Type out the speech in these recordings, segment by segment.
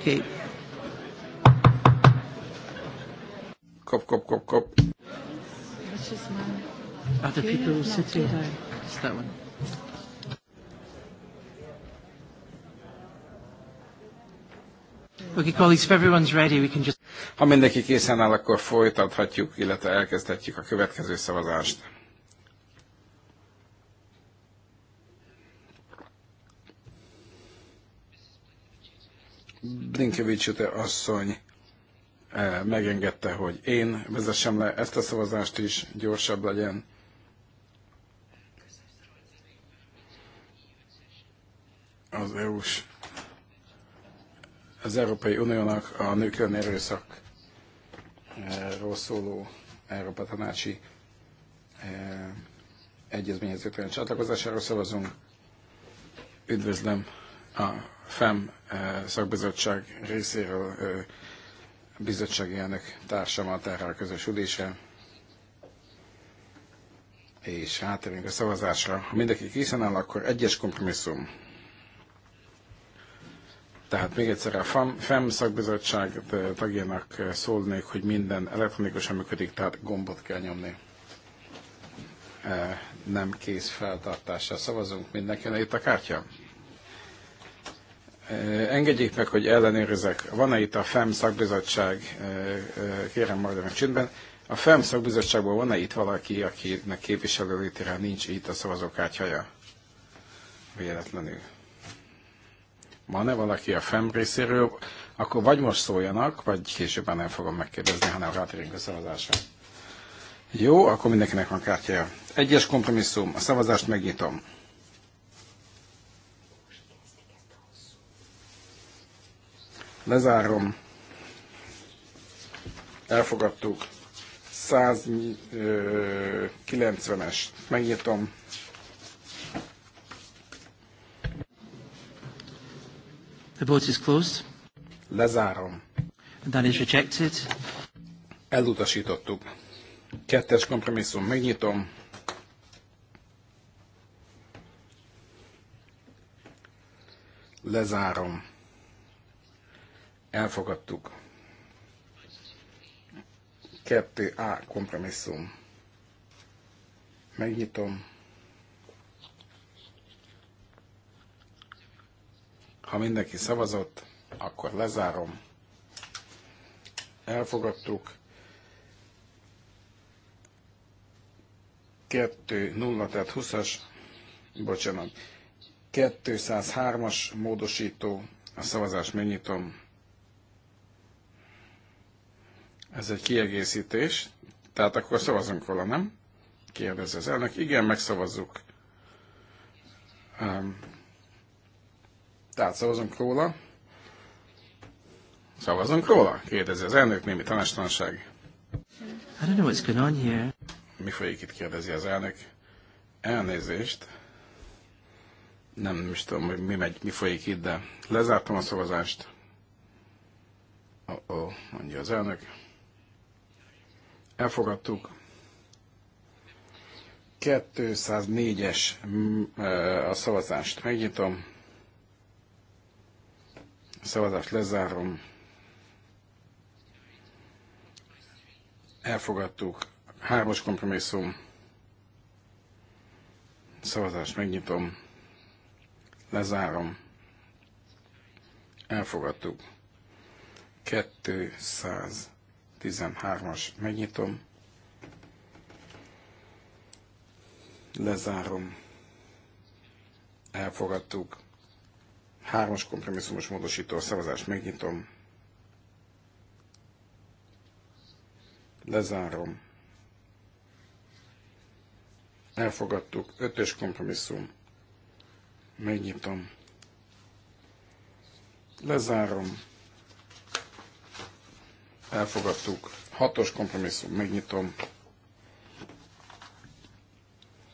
Oké. Kop, kop, kop, kop. Other people will sit here. Just that one. Okay, colleagues, if everyone's ready, we can just... Ha mindenki készen áll, akkor folytathatjuk, illetve elkezdhetjük a következő szavazást. Blinkevics asszony eh, megengedte, hogy én vezessem le ezt a szavazást is, gyorsabb legyen. Az EU-s, az Európai Uniónak a nők elleni erőszakról eh, szóló Európa Tanácsi eh, egyezményhez csatlakozásáról szavazunk. Üdvözlöm a FEM eh, szakbizottság részéről eh, bizottsági elnök társamat erre a közös ülésre. És hátérünk a szavazásra. Ha mindenki készen áll, akkor egyes kompromisszum. Tehát még egyszer a FEM, FEM szakbizottság eh, tagjának szólnék, hogy minden elektronikusan működik, tehát gombot kell nyomni. Nem kész feltartással szavazunk mindenkinek. Itt a kártya? Engedjék meg, hogy ellenőrizek. Van-e itt a FEM szakbizottság, kérem a csendben, a FEM szakbizottságból van-e itt valaki, akinek képviselőlétére nincs itt a szavazókártyaja? Véletlenül. Van-e valaki a FEM részéről? Akkor vagy most szóljanak, vagy később nem fogom megkérdezni, hanem rátérünk a szavazásra. Jó, akkor mindenkinek van kártyája. Egyes kompromisszum, a szavazást megnyitom. Lezárom. Elfogadtuk. 190-es. Megnyitom. The vote is closed. Lezárom. And that is rejected. Elutasítottuk. Kettes kompromisszum. Megnyitom. Lezárom elfogadtuk. 2A kompromisszum. Megnyitom. Ha mindenki szavazott, akkor lezárom. Elfogadtuk. 2 0, tehát 20-as, bocsánat, 203-as módosító, a szavazást megnyitom. Ez egy kiegészítés. Tehát akkor szavazunk róla, nem? Kérdezze az elnök. Igen, megszavazzuk. Um, tehát szavazunk róla. Szavazunk róla? Kérdezi az elnök, némi tanástalanság. Mi folyik itt, kérdezi az elnök. Elnézést. Nem, nem is tudom, hogy mi, megy, mi folyik itt, de lezártam a szavazást. Oh, -oh mondja az elnök. Elfogadtuk. 204-es mm, eh, a szavazást megnyitom. A szavazást lezárom. Elfogadtuk. Hármas kompromisszum. Szavazást megnyitom. Lezárom. Elfogadtuk. 200. 13-as megnyitom, lezárom, elfogadtuk, 3-as kompromisszumos módosító szavazást megnyitom, lezárom, elfogadtuk, 5-ös kompromisszum, megnyitom, lezárom, elfogadtuk. Hatos kompromisszum, megnyitom,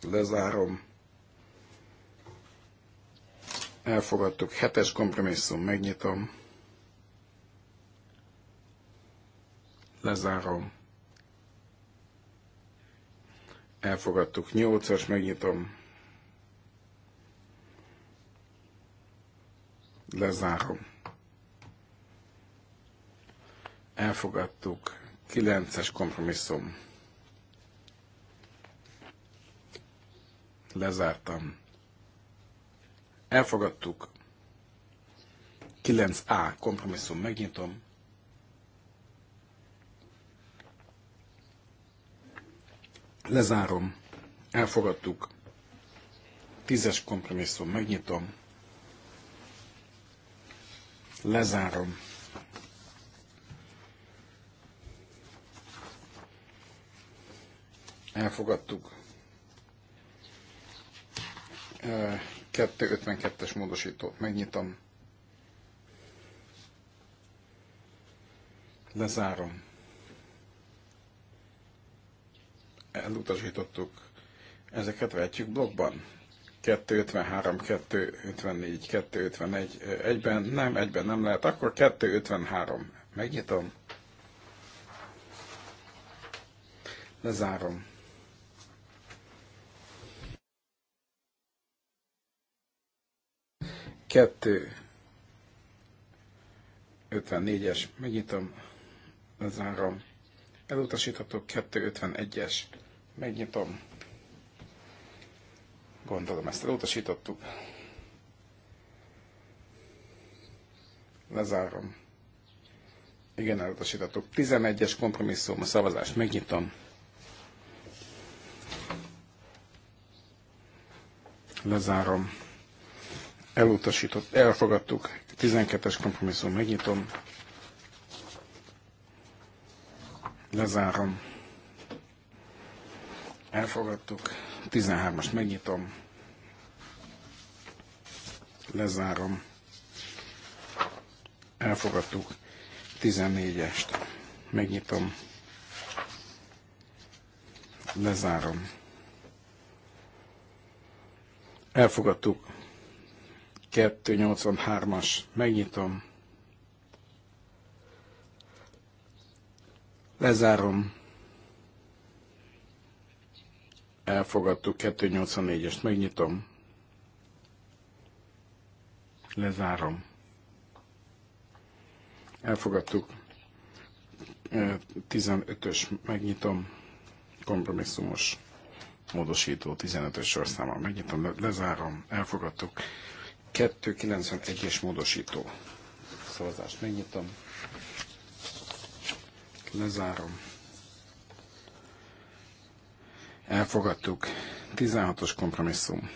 lezárom, elfogadtuk. Hetes kompromisszum, megnyitom, lezárom, elfogadtuk. Nyolcas, megnyitom, lezárom elfogadtuk. 9-es kompromisszum. Lezártam. Elfogadtuk. 9A kompromisszum. Megnyitom. Lezárom. Elfogadtuk. Tízes kompromisszum. Megnyitom. Lezárom elfogadtuk. 252-es módosítót megnyitom. Lezárom. Elutasítottuk. Ezeket vetjük blokkban. 253, 254, 251, egyben nem, egyben nem lehet, akkor 253. Megnyitom. Lezárom. 2. 54-es, megnyitom, lezárom. Elutasíthatok 251-es, megnyitom. Gondolom ezt elutasítottuk. Lezárom. Igen, elutasítottuk. 11-es kompromisszum, a szavazást megnyitom. Lezárom elutasított, elfogadtuk. 12-es kompromisszum, megnyitom. Lezárom. Elfogadtuk. 13-as megnyitom. Lezárom. Elfogadtuk. 14-est. Megnyitom. Lezárom. Elfogadtuk. 283-as. Megnyitom. Lezárom. Elfogadtuk 284-est. Megnyitom. Lezárom. Elfogadtuk 15-ös. Megnyitom. Kompromisszumos módosító 15-ös sorszámmal. Megnyitom, lezárom. Elfogadtuk. 291-es módosító. Szavazást megnyitom. Lezárom. Elfogadtuk. 16-os kompromisszum.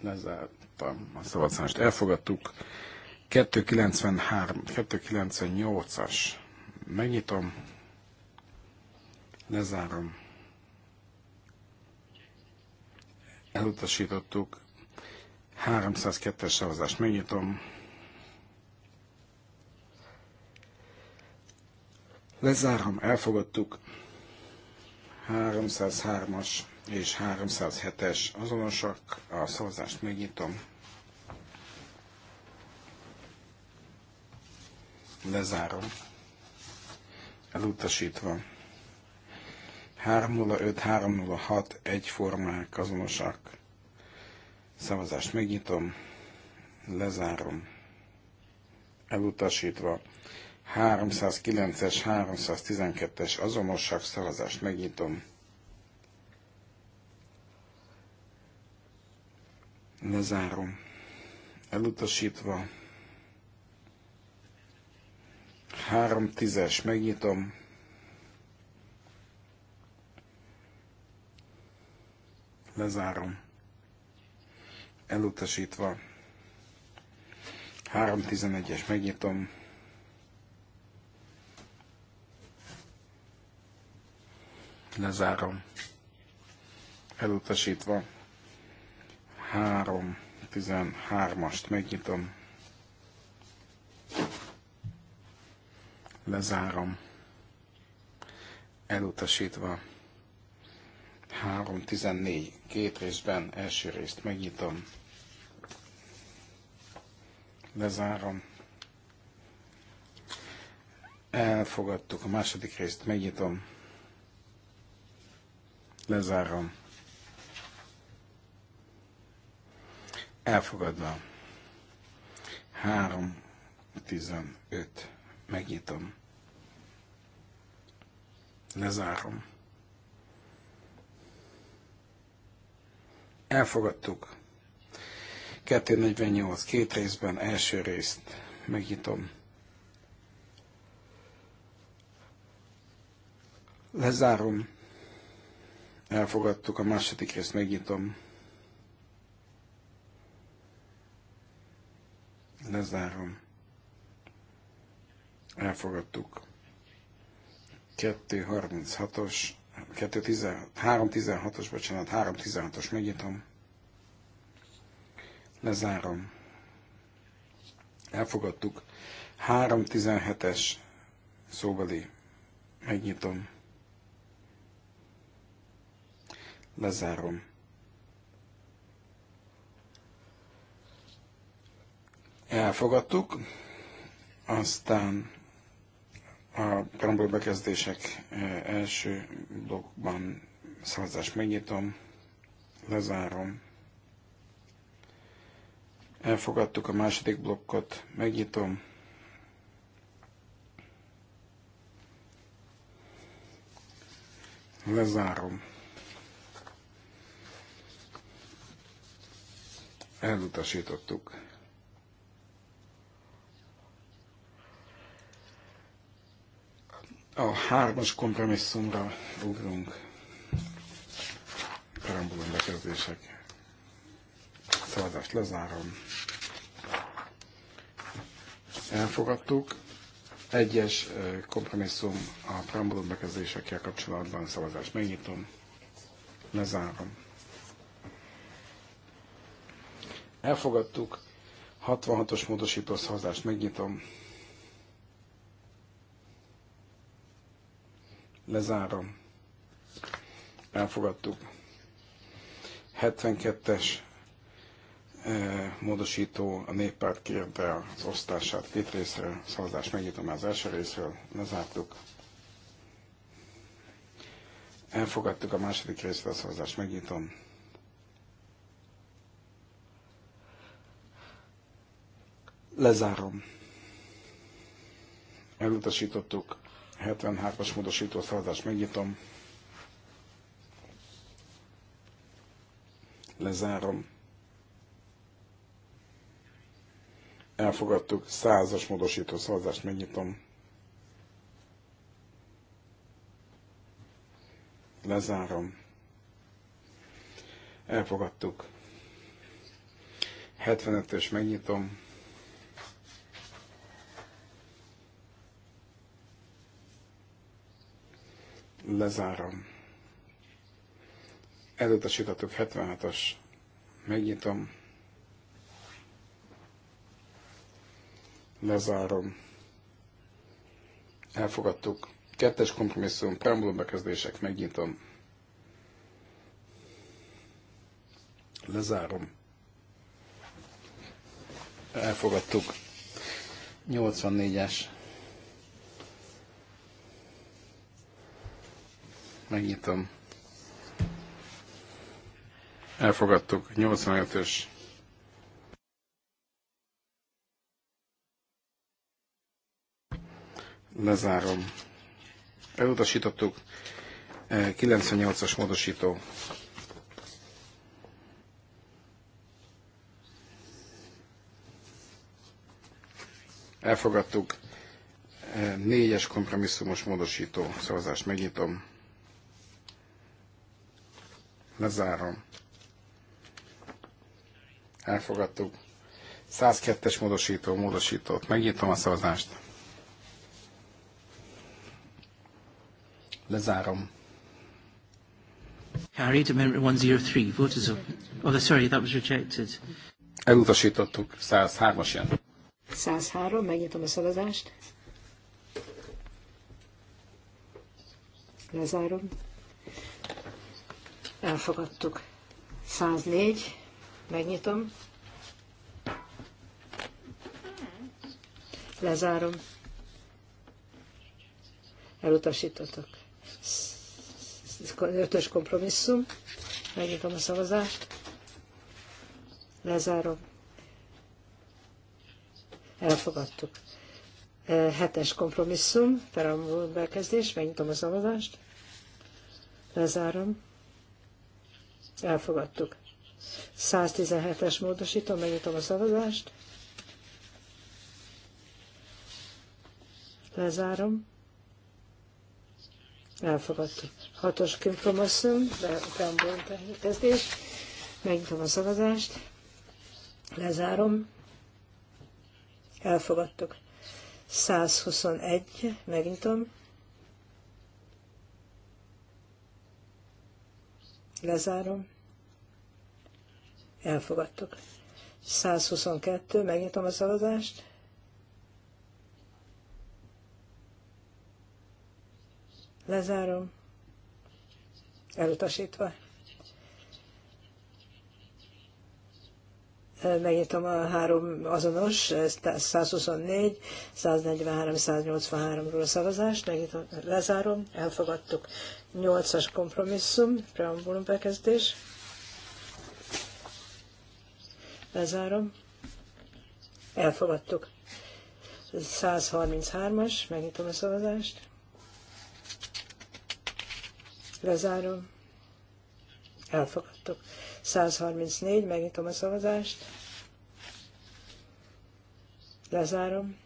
Lezártam a szavazást. Elfogadtuk. 293, 298-as. Megnyitom. Lezárom elutasítottuk. 302-es szavazást megnyitom. Lezárom, elfogadtuk. 303-as és 307-es azonosak. A szavazást megnyitom. Lezárom. Elutasítva. 305, 306 egyformák, azonosak. Szavazást megnyitom, lezárom, elutasítva. 309-es, 312-es azonosak, szavazást megnyitom. Lezárom. Elutasítva. 310-es, megnyitom. Lezárom. Elutasítva. 3.11-es megnyitom. Lezárom. Elutasítva. 3.13-ast megnyitom. Lezárom. Elutasítva. 3.14 két részben első részt megnyitom, lezárom, elfogadtuk a második részt, megnyitom, lezárom, elfogadva, 3.15 megnyitom, lezárom. Elfogadtuk. 248, két részben, első részt megnyitom. Lezárom. Elfogadtuk, a második részt megnyitom. Lezárom. Elfogadtuk. 236-os 3.16-os, bocsánat, 3.16-os megnyitom. Lezárom. Elfogadtuk. 3.17-es szóbeli. Megnyitom. Lezárom. Elfogadtuk. Aztán a preambul bekezdések e, első blokkban szavazást megnyitom, lezárom. Elfogadtuk a második blokkot, megnyitom. Lezárom. Elutasítottuk. a hármas kompromisszumra ugrunk. Karambulom bekezdések. Szavazást lezárom. Elfogadtuk. Egyes kompromisszum a preambulum bekezdésekkel kapcsolatban szavazást megnyitom. Lezárom. Elfogadtuk. 66-os módosító szavazást megnyitom. Lezárom. Elfogadtuk. 72-es eh, módosító a néppárt kérte az osztását két részre, szavazás megnyitom az első részről, lezártuk. Elfogadtuk a második részre a szavazást, megnyitom. Lezárom. Elutasítottuk 73-as módosító szavazást megnyitom. Lezárom. Elfogadtuk. 100-as módosító szavazást megnyitom. Lezárom. Elfogadtuk. 75-ös megnyitom. lezárom. Elutasítottuk 76-os, megnyitom, lezárom, elfogadtuk. Kettes kompromisszum, preambulum bekezdések, megnyitom, lezárom. Elfogadtuk. 84-es megnyitom. Elfogadtuk, 85-ös. Lezárom. Elutasítottuk, 98-as eh, módosító. Elfogadtuk, eh, négyes kompromisszumos módosító szavazást megnyitom. Lezárom. Elfogadtuk. 102-es módosító, módosítót. Megnyitom a szavazást. Lezárom. Carried amendment 103. Voters of. Oh, sorry, that was rejected. Elutasítottuk. 103-as jön. 103. Megnyitom a szavazást. Lezárom. Elfogadtuk. 104. Megnyitom. Lezárom. Elutasítottak. Ötös kompromisszum. Megnyitom a szavazást. Lezárom. Elfogadtuk. E, hetes kompromisszum, perambul bekezdés, megnyitom a szavazást. Lezárom. Elfogadtuk. 117-es módosító, megnyitom a szavazást. Lezárom. Elfogadtuk. Hatos kompromisszum, preambulum kezdés. Megnyitom a szavazást. Lezárom. Elfogadtuk. 121, megnyitom. Lezárom. Elfogadtuk. 122, megnyitom a szavazást. Lezárom. Elutasítva. megnyitom a három azonos, 124, 143, 183-ról a szavazást, megnyitom, lezárom, elfogadtuk. 8-as kompromisszum, preambulum bekezdés. Lezárom. Elfogadtuk. 133-as, megnyitom a szavazást. Lezárom. Elfogadtuk. 134, megnyitom a szavazást. Lezárom.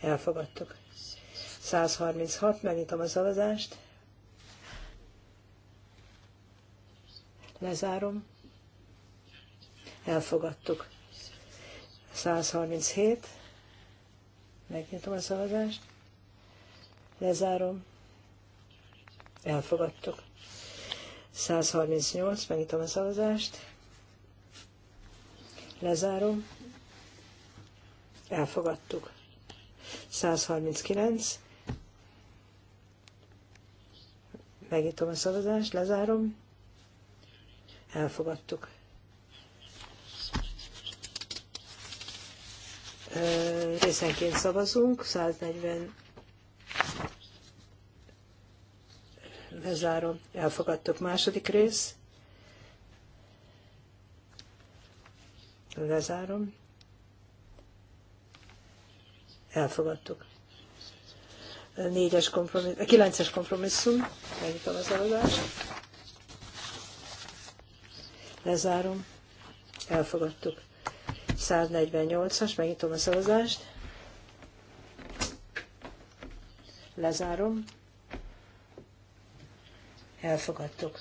Elfogadtuk. 136, megnyitom a szavazást. Lezárom. Elfogadtuk. 137. Megnyitom a szavazást. Lezárom. Elfogadtuk. 138, megnyitom a szavazást. Lezárom. Elfogadtuk. 139. Megnyitom a szavazást, lezárom. Elfogadtuk. Részenként szavazunk, 140 lezárom, elfogadtuk második rész, lezárom, elfogadtuk. Négyes kompromisszum, eh, kilences kompromisszum, megnyitom az előadást, lezárom, elfogadtuk. 148-as, megnyitom a szavazást, lezárom, Elfogadtuk.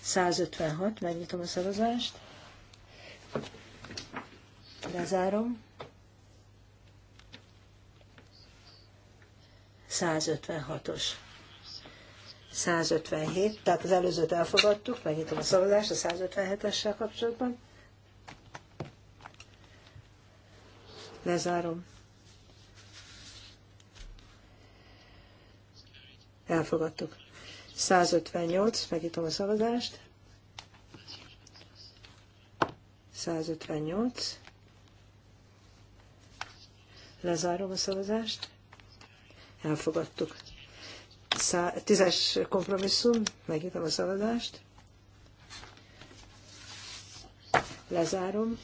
156, megnyitom a szavazást. Lezárom. 156-os. 157, tehát az előzőt elfogadtuk, megnyitom a szavazást a 157-essel kapcsolatban. Lezárom. Elfogadtuk. 158, megítom a szavazást. 158. Lezárom a szavazást. Elfogadtuk. Tízes kompromisszum, megítom a szavazást. Lezárom.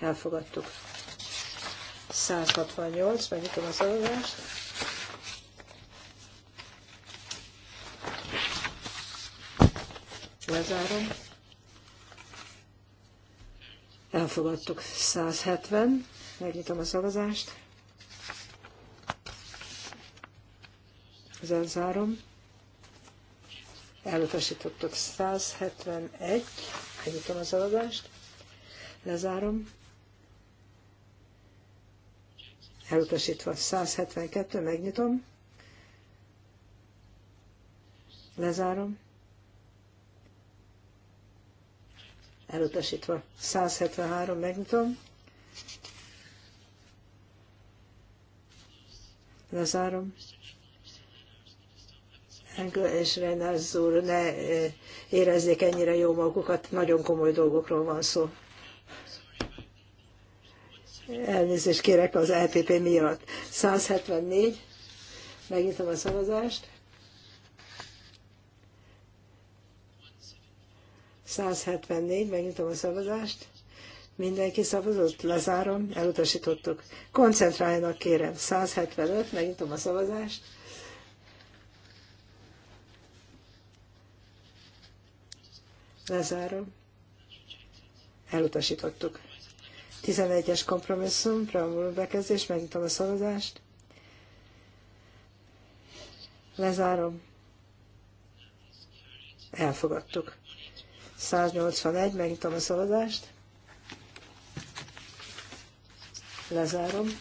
Elfogadtuk. 168, megítom a szavazást. lezárom. Elfogadtuk 170. Megnyitom a szavazást. Lezárom. Elutasítottuk 171. Megnyitom a szavazást. Lezárom. Elutasítva 172. Megnyitom. Lezárom. elutasítva. 173, megnyitom. Lezárom. Engel és Reynolds úr, ne eh, érezzék ennyire jó magukat, nagyon komoly dolgokról van szó. Elnézést kérek az LPP miatt. 174, megnyitom a szavazást. 174, megnyitom a szavazást. Mindenki szavazott, lezárom, elutasítottuk. Koncentráljanak, kérem. 175, megnyitom a szavazást. Lezárom. Elutasítottuk. 11-es kompromisszum, preambulum bekezdés, megnyitom a szavazást. Lezárom. Elfogadtuk. 181, megnyitom a szavazást. Lezárom.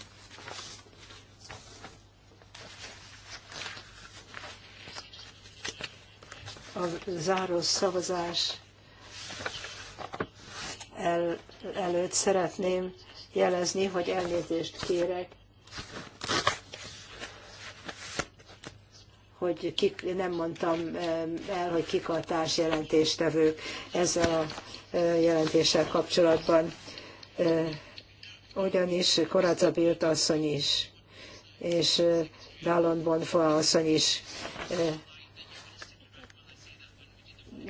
A záró szavazás el, előtt szeretném jelezni, hogy elnézést kérek hogy kik, nem mondtam el, hogy kik a társjelentéstevők ezzel a jelentéssel kapcsolatban. Ugyanis Koraca Bilt asszony is, és Dallon Bonfa asszony is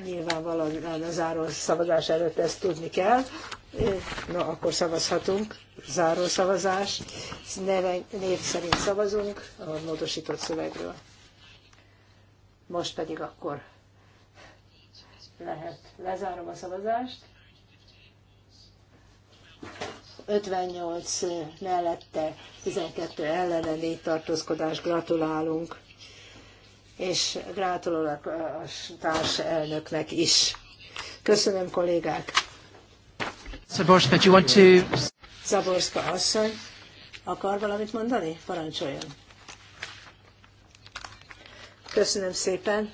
nyilvánvalóan a záró szavazás előtt ezt tudni kell. Na, akkor szavazhatunk. Záró szavazás. Név szerint szavazunk a módosított szövegről. Most pedig akkor lehet. Lezárom a szavazást. 58 mellette, 12 ellene, négy tartózkodás. Gratulálunk. És gratulálok a társ elnöknek is. Köszönöm, kollégák. Szaborska, do you want to... Szaborska asszony, akar valamit mondani? Parancsoljon. Köszönöm szépen,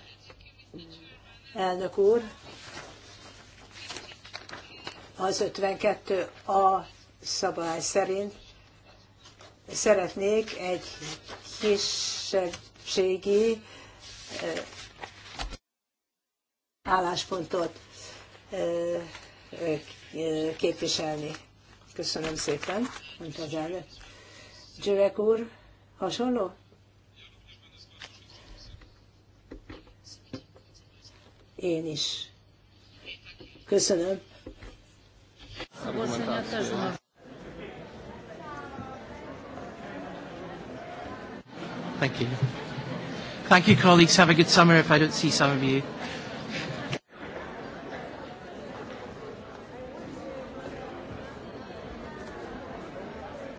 elnök úr. Az 52 a szabály szerint szeretnék egy kisebbségi álláspontot képviselni. Köszönöm szépen, mondta az elnök. Gyerek úr, hasonló? én is. Köszönöm. Thank you. Thank you, colleagues. Have a good summer if I don't see some of you.